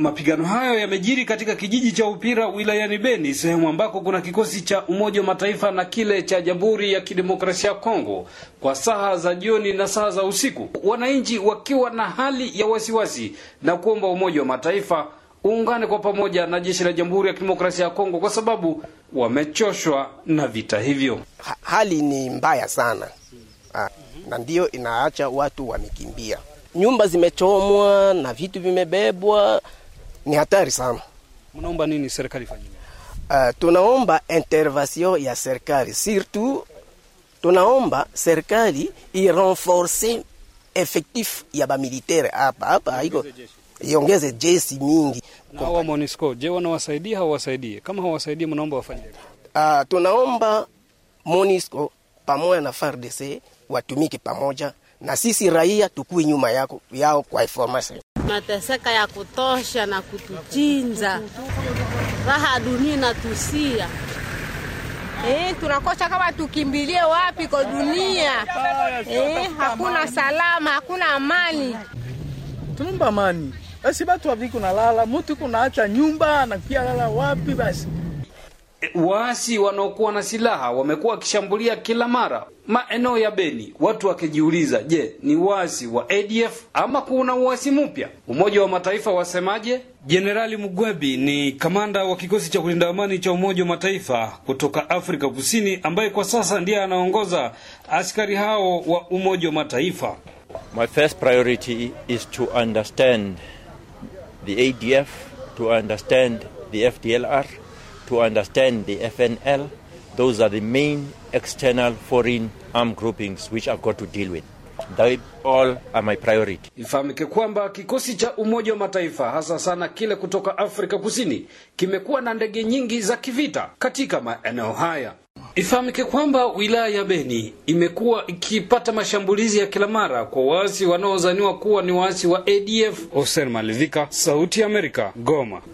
Mapigano hayo yamejiri katika kijiji cha Upira wilayani Beni, sehemu ambako kuna kikosi cha Umoja wa Mataifa na kile cha Jamhuri ya Kidemokrasia ya Kongo kwa saa za jioni na saa za usiku, wananchi wakiwa na hali ya wasiwasi na kuomba Umoja wa Mataifa uungane kwa pamoja na jeshi la Jamhuri ya Kidemokrasia ya Kongo kwa sababu wamechoshwa na vita hivyo. Ha, hali ni mbaya sana ha, ah, na ndiyo inaacha watu wamekimbia, nyumba zimechomwa na vitu vimebebwa ni hatari sana. Mnaomba nini serikali ifanye? Uh, tunaomba intervention ya serikali, surtout tunaomba serikali irenforce effectif ya bamilitere hapa hapa, iko iongeze jeshi mingi. Na hawa MONUSCO, je, wanawasaidia hawawasaidie? Kama hawawasaidie, mnaomba wafanye uh, tunaomba MONUSCO pamoja na FARDC watumike pamoja na sisi raia, tukui nyuma yako yao kwa information mateseka ya kutosha na kutuchinja, raha dunia inatusia. Eh, tunakosa kama tukimbilie wapi kwa dunia eh, hakuna salama, hakuna amani. Tunaomba amani basi, batu waviko nalala, mutu kunaacha nyumba na pia lala wapi basi waasi wanaokuwa na silaha wamekuwa wakishambulia kila mara maeneo ya Beni, watu wakijiuliza, je, ni waasi wa ADF ama kuna uasi mpya? Umoja wa Mataifa wasemaje? Jenerali Mugwebi ni kamanda wa kikosi cha kulinda amani cha Umoja wa Mataifa kutoka Afrika Kusini, ambaye kwa sasa ndiye anaongoza askari hao wa Umoja wa Mataifa. My first priority is to understand the ADF, to understand the FDLR to understand the FNL. Those are the main external foreign armed groupings which I've got to deal with. They all are my priority. Ifahamike kwamba kikosi cha Umoja wa Mataifa hasa sana kile kutoka Afrika Kusini kimekuwa na ndege nyingi za kivita katika maeneo haya. Ifahamike kwamba wilaya ya Beni imekuwa ikipata mashambulizi ya kila mara kwa waasi wanaozaniwa kuwa ni waasi wa ADF. Osen Malivika, Sauti ya Amerika, Goma.